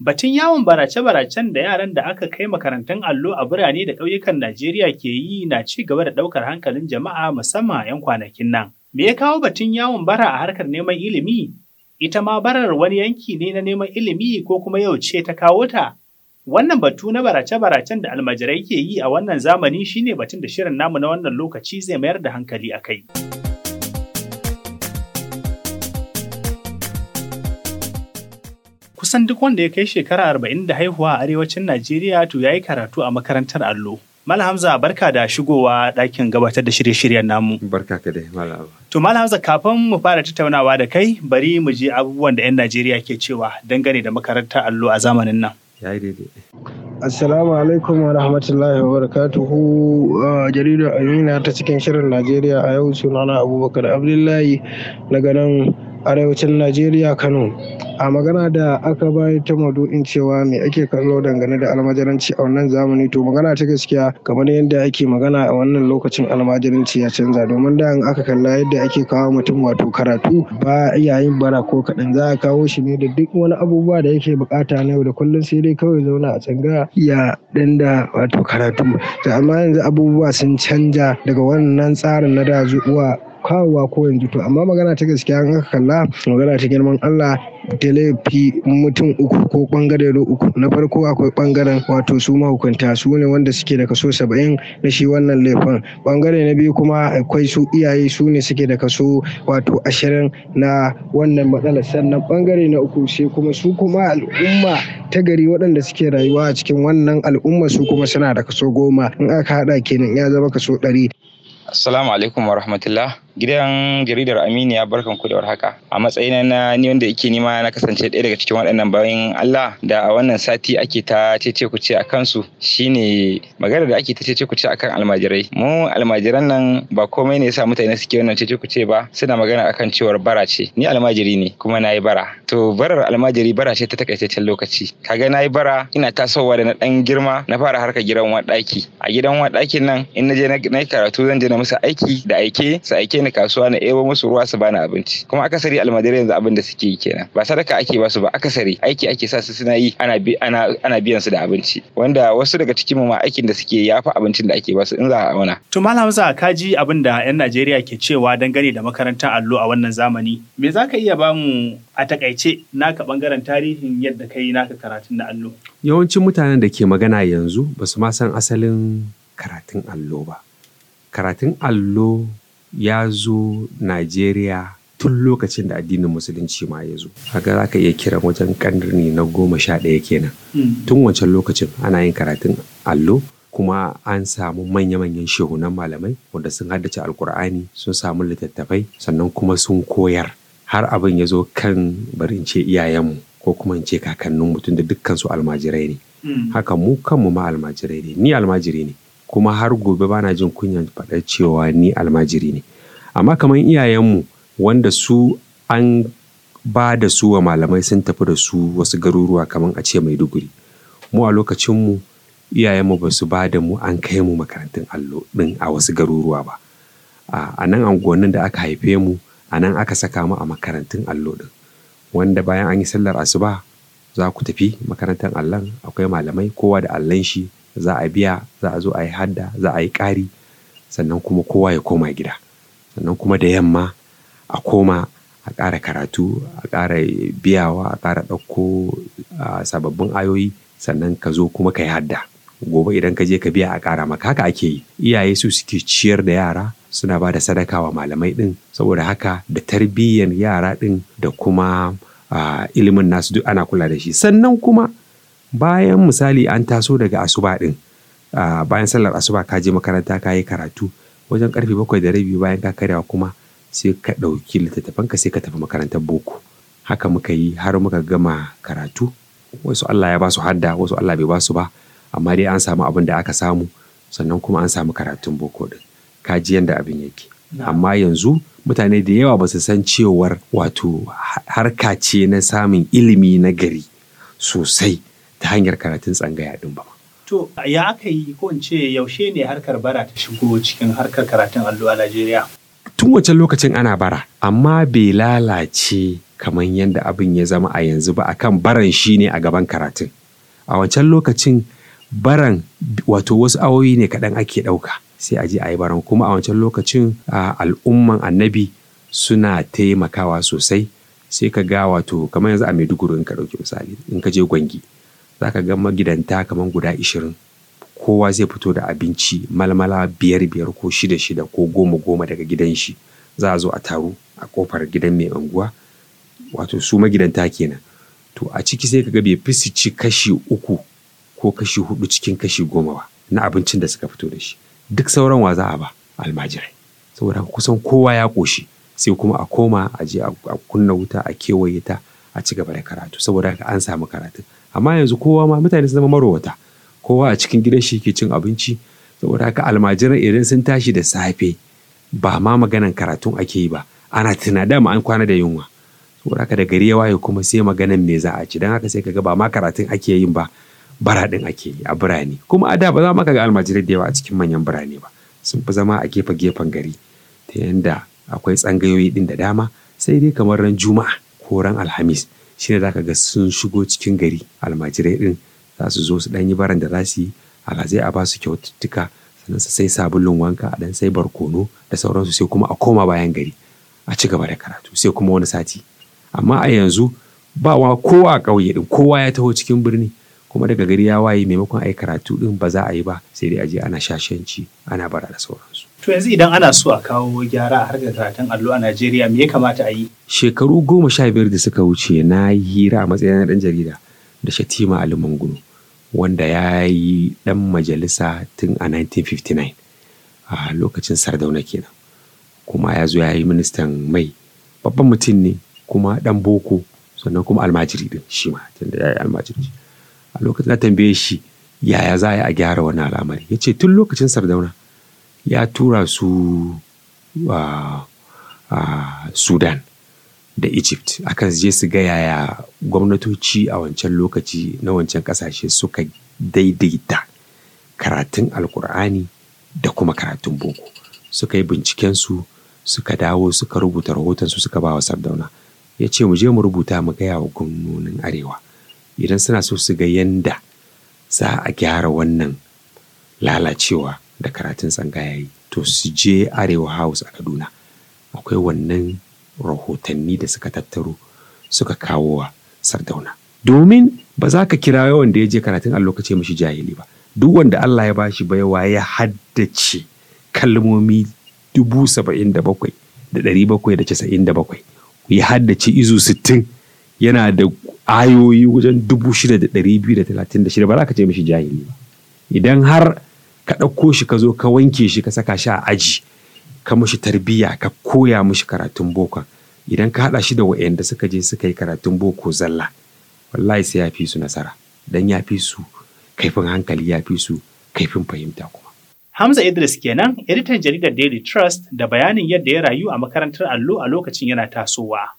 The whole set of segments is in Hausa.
Batun yawon barace-baracen da yaran da aka kai makarantun allo a birane da ƙauyukan Najeriya ke yi na ci gaba da ɗaukar hankalin jama'a musamman a 'yan kwanakin nan. Me ya kawo batun yawon bara a harkar neman ilimi? Ita ma barar wani yanki ne na neman ilimi ko kuma yau ce ta kawo ta? Wannan batu na barace-baracen da almajirai ke yi a wannan zamani shine batun da shirin namu na wannan lokaci zai mayar da hankali a kai. Kusan duk wanda ya kai shekara arba'in da haihuwa a arewacin Najeriya to ya yi karatu a makarantar allo. Malhamza Hamza barka da shigowa ɗakin gabatar da shirye-shiryen namu. Barka ka dai To Mala Hamza kafin mu fara tattaunawa da kai bari mu je abubuwan da 'yan Najeriya ke cewa dangane da makarantar allo a zamanin nan. ya yi Assalamu alaikum wa rahmatullahi wa barakatuhu jaridar Amina ta cikin shirin Najeriya a yau sunana Abubakar Abdullahi daga nan arewacin Najeriya Kano. A magana da aka bayar ta maudu'in cewa me ake kallo dangane da almajiranci a wannan zamani to magana ta gaskiya kamar yadda ake magana a wannan lokacin almajiranci ya canza domin da in aka kalla yadda ake kawo mutum wato karatu ba yayin bara ko kaɗan za a kawo shi ne da duk wani abubuwa da yake bukata na yau da kullum sai dai kawai zauna a tsanga ya danda wato karatu amma yanzu abubuwa sun canja daga wannan tsarin na da zuwa kawowa ko yanzu to amma magana ta gaskiya an aka kalla magana ta girman Allah da laifi mutum uku ko bangare uku na farko akwai bangaren wato su mahukunta su ne wanda suke da kaso saba'in na shi wannan laifin bangare na biyu kuma akwai su iyaye su ne suke da kaso wato ashirin na wannan matsalar sannan bangare na uku sai kuma su kuma al'umma ta gari waɗanda suke rayuwa a cikin wannan al'umma su kuma suna da kaso goma in aka haɗa kenan ya zama kaso ɗari. Assalamu alaikum wa rahmatullah. Gidan jaridar Aminiya barkan ku da warhaka. A matsayin na ni wanda yake nima na kasance ɗaya daga cikin waɗannan bayan Allah da a wannan sati ake ta cece ku ce a kansu shine magana da ake ta cece ku ce akan almajirai. Mu almajiran nan ba komai ne yasa mutane suke wannan cece ku ce ba suna magana akan cewar bara ce. Ni almajiri ne kuma na bara. To barar almajiri bara ce ta takaitaccen lokaci. Kaga na yi bara ina tasowa da na ɗan girma na fara harka gidan wadaki A gidan waɗakin nan in na je na karatu zan je na musu aiki da aike su aike ni kasuwa na ebo musu ruwa su bani abinci kuma akasari almajirai yanzu abin da suke yi kenan ba sadaka ake ba su ba akasari aiki ake sa su suna yi ana ana ana biyan su da abinci wanda wasu daga cikin mu ma aikin da suke ya fa abincin da ake ba su in za a auna to malam za ka ji abin da yan Najeriya ke cewa dangane da makarantar allo a wannan zamani me zaka iya ba mu a takaice naka bangaren tarihin yadda kai naka karatun na allo yawancin mutanen da ke magana yanzu ba su ma san asalin karatun allo ba karatun allo ya zo Najeriya tun lokacin da addinin musulunci ma ya zo haka za ka iya kiran wajen ƙarni na goma sha ɗaya kenan hmm. tun wancan lokacin ana yin karatun allo kuma an samu manya-manyan shehunan malamai wanda sun haddace alkur'ani sun samu littattafai sannan kuma sun koyar har abin ya zo kan barin ce iyayenmu ko kuma in ce kakannin mutum da dukkansu almajirai ne hmm. haka mu kanmu ma almajirai ne ni almajiri ne kuma har gobe ba na jin kunyan faɗa cewa ni almajiri ne amma kamar iyayenmu wanda su an ba da su wa malamai sun tafi da su wasu garuruwa kamar a ce maiduguri mu a lokacinmu iyayenmu ba su ba da mu an kai mu makarantun allo ɗin a wasu garuruwa ba a nan anguwannin da aka haife mu a nan aka saka mu a makarantun allo ɗin wanda bayan an yi sallar asuba za ku tafi makarantar allon akwai malamai kowa da allon shi za a biya za a zo a yi hadda za a yi ƙari sannan kuma kowa ya koma gida sannan kuma da yamma a koma a ƙara karatu a ƙara biyawa a ƙara ɗauko sababbin ayoyi sannan ka zo kuma ka yi hadda gobe idan ka je ka biya a ƙara maka haka ake yi iyaye su suke ciyar da yara suna ba da sadaka wa malamai ɗin saboda haka da tarbiyyar yara ɗin da kuma ilimin nasu duk ana kula da shi sannan kuma bayan misali an taso daga asuba ɗin bayan sallar asuba ka je makaranta ka yi karatu wajen karfe bakwai da rabi bayan ka karyawa kuma sai ka ɗauki littattafan ka sai ka tafi makarantar boko haka muka yi har muka gama karatu wasu Allah ya ba su hadda wasu Allah bai ba su ba amma dai an samu abin da aka samu sannan kuma an samu karatun boko ɗin, ka ji yadda abin yake amma yanzu mutane da yawa ba su san cewar wato harka ce na samun ilimi na gari sosai ta hanyar karatun tsangaya ɗin ba. To, ya aka yi ko in ce yaushe ne harkar bara ta shigo cikin harkar karatun allo a Najeriya? Tun wancan lokacin ana bara, amma bai lalace kamar yadda abin ya zama a yanzu ba akan baran shi ne a gaban karatun. A wancan lokacin baran wato wasu awoyi ne kaɗan ake ɗauka sai a je a yi baran kuma a wancan lokacin al'umman annabi suna taimakawa sosai sai ka ga wato kamar yanzu a maiduguri in ka ɗauki misali in ka je gwangi za ka ga magidanta kamar guda ishirin kowa zai fito da abinci malmala biyar biyar ko shida shida ko goma goma daga gidan shi za a zo a taru a kofar gidan mai unguwa wato su magidanta kenan to a ciki sai ka ga bai fi su ci kashi uku ko kashi hudu cikin kashi goma ba na abincin da suka fito da shi duk sauran wa za a ba almajirai saboda kusan kowa ya koshi, sai kuma a koma a je a kunna wuta a kewaye ta a ci gaba da karatu saboda an samu karatu amma yanzu kowa ma mutane sun zama marowata kowa a cikin gidan shi ke cin abinci saboda haka almajiran idan sun tashi da safe ba ma maganan karatun ake yi ba ana tuna ma an kwana da yunwa saboda haka da gari ya waye kuma sai maganan me za a ci don haka sai kaga ba ma karatun ake yin ba baradin ake yi a birane kuma a da ba za ma kaga almajirai da yawa a cikin manyan birane ba sun fi zama a gefe gefen gari ta yanda akwai tsangayoyi din da dama sai dai kamar ran juma'a ko ran alhamis shi ne za ga sun shigo cikin gari almajirai din za su zo su ɗan yi baran da za su yi zai a ba su kyaututtuka sannan su sai sabulun wanka a dan sai barkono da sauransu sai kuma a koma bayan gari a ci gaba da karatu sai kuma wani sati amma a yanzu ba wa kowa a ƙauye ɗin kowa ya taho cikin birni kuma daga gari ya waye maimakon a yi karatu din ba za a yi ba sai dai a je ana shashanci ana bara da sauransu To yanzu idan ana so a kawo gyara a harkar karatun allo a Najeriya me ya kamata a yi? Shekaru goma sha biyar da suka wuce na yi hira a matsayin ɗan jarida da Shatima Ali Manguno wanda ya yi ɗan majalisa tun a 1959 a lokacin Sardauna kenan. Kuma ya zo ya yi ministan mai babban mutum ne kuma ɗan boko sannan kuma almajiri din shi ma da ya yi almajiri. A lokacin na tambaye shi yaya za a gyara wani al'amari ya ce tun lokacin Sardauna ya tura su uh, uh, sudan da egypt akan je su ga yaya gwamnatoci a wancan lokaci na wancan kasashe suka daidaita karatun alkur'ani da kuma karatun boko suka yi bincikensu suka dawo suka rubuta rahotonsu suka ba wa sardauna ya ce mu je mu rubuta mu gaya wa gwamnonin arewa idan suna so su ga yanda za a gyara wannan lalacewa da karatun tsanga ya yi to su je arewa house a kaduna akwai wannan rahotanni da suka tattaro suka kawo wa sardauna domin ba za ka kira yawan da ya je karatun allo ka ce jahili ba duk wanda allah ya bashi baiwa ya haddace kalmomi dubu saba'in da bakwai da ɗari bakwai da casa'in da bakwai ya haddace izu sittin yana da ayoyi wajen dubu shida da ɗari biyu da talatin da shida ba za ka ce mashi jahili ba idan har ka ɗauko shi ka zo ka wanke shi ka saka shi a aji ka mushi tarbiyya ka koya mushi karatun boko idan ka haɗa shi da wa'anda suka je suka yi karatun boko zalla wallahi sai ya fi su nasara dan ya fi su kaifin hankali ya fi su kaifin fahimta kuma. Hamza Idris kenan editan jaridar Daily Trust da bayanin yadda ya rayu a makarantar allo a lokacin yana tasowa.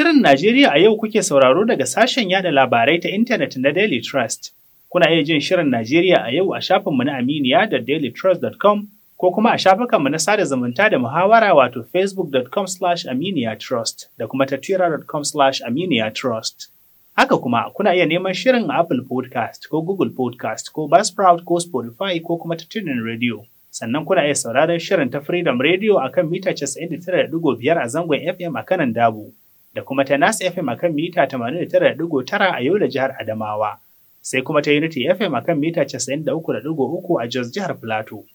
Shirin Najeriya a yau kuke sauraro daga sashen yada labarai ta intanet na Daily Trust. Kuna iya jin Shirin Najeriya a yau a shafinmu na Aminiya da dailytrust.com ko kuma a shafukanmu na sada zumunta da muhawara wato facebook.com slash aminiyatrust da kuma tattiracom slash aminiyatrust. Haka kuma kuna iya neman shirin a Apple podcast ko Google podcast ko Buzzsprout ko Spotify ko kuma ta tunin radio. sannan kuna iya sauraron shirin ta Freedom Radio a kan mita 99.5 a zangon FM a kanan dabu. da kuma ta nasa FM a kan mita 89.9 a yau da jihar Adamawa, sai kuma ta Unity FM a kan mita 93.3 a Jos jihar Filato.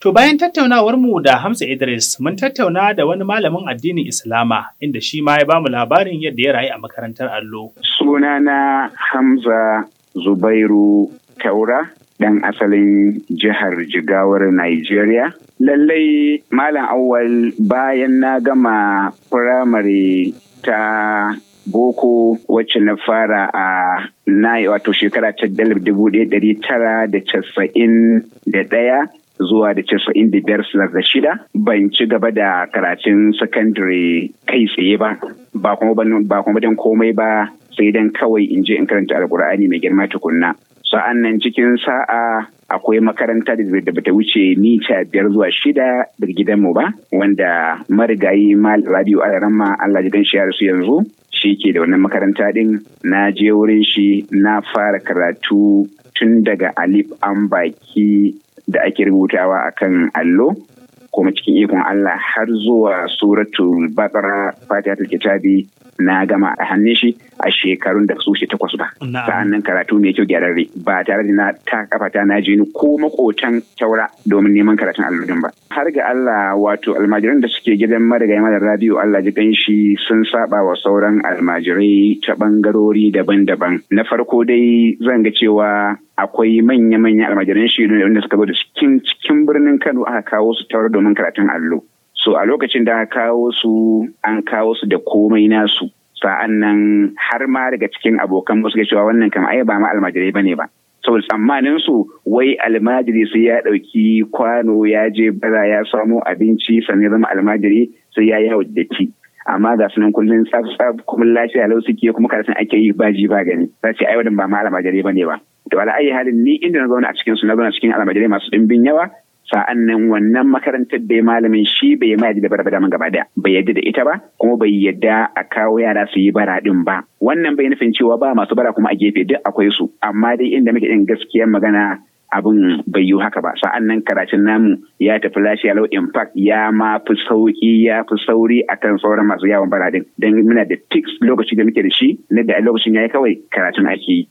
To bayan tattaunawarmu da Hamza Idris, mun tattauna da wani malamin addinin Islama inda shi ma ya bamu labarin yadda ya rayu a makarantar allo. Sunana Hamza Zubairu Taura ɗan asalin jihar Jigawar Nigeria. Lallai Malam Awal bayan na gama firamare ta boko wacce na fara a na wato shekara ta dubu ɗaya ɗari tara da casa'in da ɗaya zuwa da casa'in da biyar da shida ban ci gaba da karatun sakandare kai tsaye ba ba kuma ba komai ba sai dan kawai in je in karanta alkur'ani mai girma tukunna sa'an nan cikin sa'a akwai makaranta da bata wuce mita biyar zuwa shida daga gidanmu ba wanda marigayi mal rabiu alarama allah gidan shi su yanzu shi ke da wannan makaranta din na je wurin shi na fara karatu tun daga alif an baki da ake rubutawa akan allo kuma cikin ikon Allah har zuwa suratul bakara fatihatul kitabi na gama a hannun shi a shekarun da su takwas ba sa'an nan karatu mai kyau gyararre ba tare da na ta ta na je ni ko makotan taura domin neman karatun alludin ba har ga Allah wato almajiran da suke gidan marigayi madar Rabi'u Allah ji shi sun saba wa sauran almajirai ta bangarori daban-daban na farko dai zan ga cewa akwai manya-manyan almajiran shi wanda suka zo da cikin birnin Kano aka kawo su taura domin karatun allo So a lokacin da kawo su an kawo su da komai nasu. Sa'an nan har ma daga cikin abokan musu ga cewa wannan kan ai ba ma almajirai bane ba. Saboda tsammanin su wai almajiri sai ya ɗauki kwano ya je bara ya samo abinci sannan zama almajiri sai ya yawo da ki. amma ga sunan kullum tsaf tsaf kuma lafiya lau suke kuma karatun ake yi ba ji ba gani za ce ai wadan ba ma almajiri bane ba to ala ayi halin ni inda na zauna a cikin su na zauna cikin almajirai masu dimbin yawa Sa'annan wannan makarantar da ya malamin shi bai ma yadda da barbada daman gaba daya bai yadda da ita ba kuma bai yadda a kawo yara su yi bara din ba wannan bai nufin cewa ba masu bara kuma a gefe duk akwai su amma dai inda muke yin gaskiyar magana abin bai yi haka ba Sa'annan karatun namu ya tafi a low impact ya ma fi sauki ya fi sauri akan sauran masu yawon din don muna da tiks lokaci da muke da shi na da lokacin ya yi kawai karatun ake yi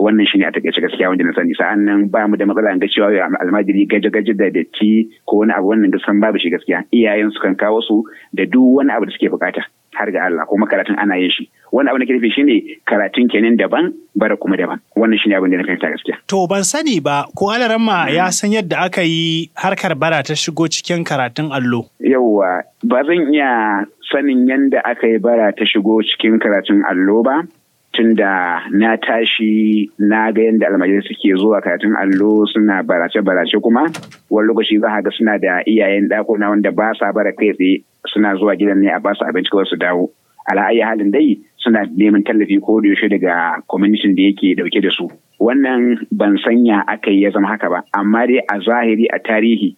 wannan shi ne a takaice gaskiya wanda na sani sa'an nan ba mu da matsala ga cewa almajiri gaje gaje da datti ko wani abu wannan gaskiya babu shi gaskiya iyayen su kan kawo su da duk wani abu da suke bukata har ga Allah kuma karatun ana yin shi wani abu da ke shi ne karatun kenan daban bara kuma daban wannan shine abin da na fahimta gaskiya to ban sani ba ko ma hmm. ya san yadda aka yi harkar bara ta shigo cikin karatun allo yauwa ba zan iya sanin yadda aka yi bara ta shigo cikin karatun allo ba da na tashi na ga yadda almajirai suke zuwa karatun allo suna barace-barace kuma wani lokaci za a ga suna da iyayen ɗakuna wanda ba sa bara kai tsaye suna zuwa gidan ne a ba su abinci kawai su dawo ala'ayyar halin dai suna neman tallafi ko da yaushe daga kwamishin da yake dauke da su wannan ban sanya aka yi ya zama haka ba amma dai a zahiri a tarihi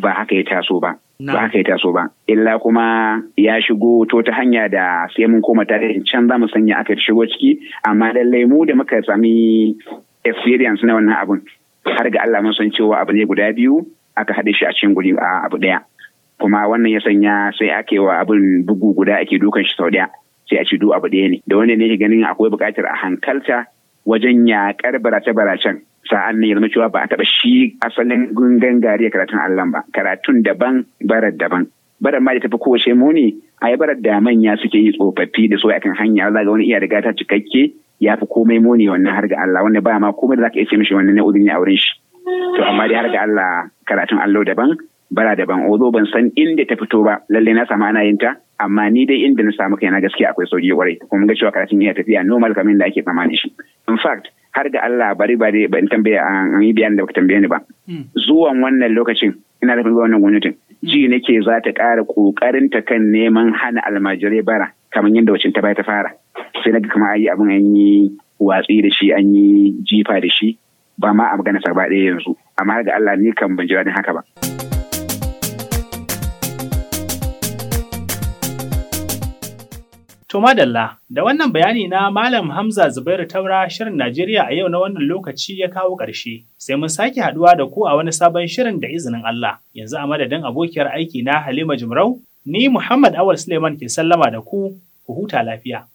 ba haka ya taso ba. Ba haka ya taso ba. Illa kuma ya shigo to ta hanya da sai mun koma da can za mu sanya aka shigo ciki amma lallai mu da muka sami experience na wannan abun. Har ga Allah mun san cewa abu ne guda biyu aka haɗe shi a cikin guri a abu ɗaya. Kuma wannan ya sanya sai ake wa abun bugu guda ake dukan shi sau ɗaya. Sai a ci du abu ɗaya ne. Da wanda ne ganin akwai buƙatar a hankalta wajen yaƙar barace-baracen. sa'an nan ya zama cewa ba a taɓa shi asalin gungan gari karatun allah ba karatun daban barar daban barar ma da tafi kowace muni a yi barar da manya suke yi tsofaffi da so akan hanya za ga wani iya riga ta cikakke ya fi komai muni wannan har ga Allah wanda ba ma komai da za ka iya ce mishi wannan na'udin a auren shi to amma dai har ga Allah karatun allo daban bara daban ozo ban san inda ta fito ba lalle na samu ana yin ta amma ni dai inda na samu kaina gaskiya akwai sauki kwarai kuma ga cewa karatun iya tafiya normal kamar da ake tsammanin shi in fact har da Allah bari bari in tambaya an yi bayanin da baka tambaye ni ba hmm. zuwan wannan lokacin ina da wannan gwamnatin hmm. ji nake za ta ƙara ƙoƙarin ta kan neman hana almajirai bara kamar yadda wacin ta bai ta fara sai na kamar ayi abin an yi watsi da shi an yi jifa da shi ba ma a magana sa ba ɗaya yanzu amma har ga Allah ni kan ban jira daɗin haka ba. To madalla, da wannan bayani na Malam Hamza Zubairu Taura shirin Najeriya a yau na wannan lokaci ya kawo ƙarshe. Sai mun sake haɗuwa da ku a wani sabon shirin da izinin Allah. Yanzu a madadin abokiyar aiki na Halima Jumrau, ni Muhammad Awal Suleiman ke sallama da ku, ku huta lafiya.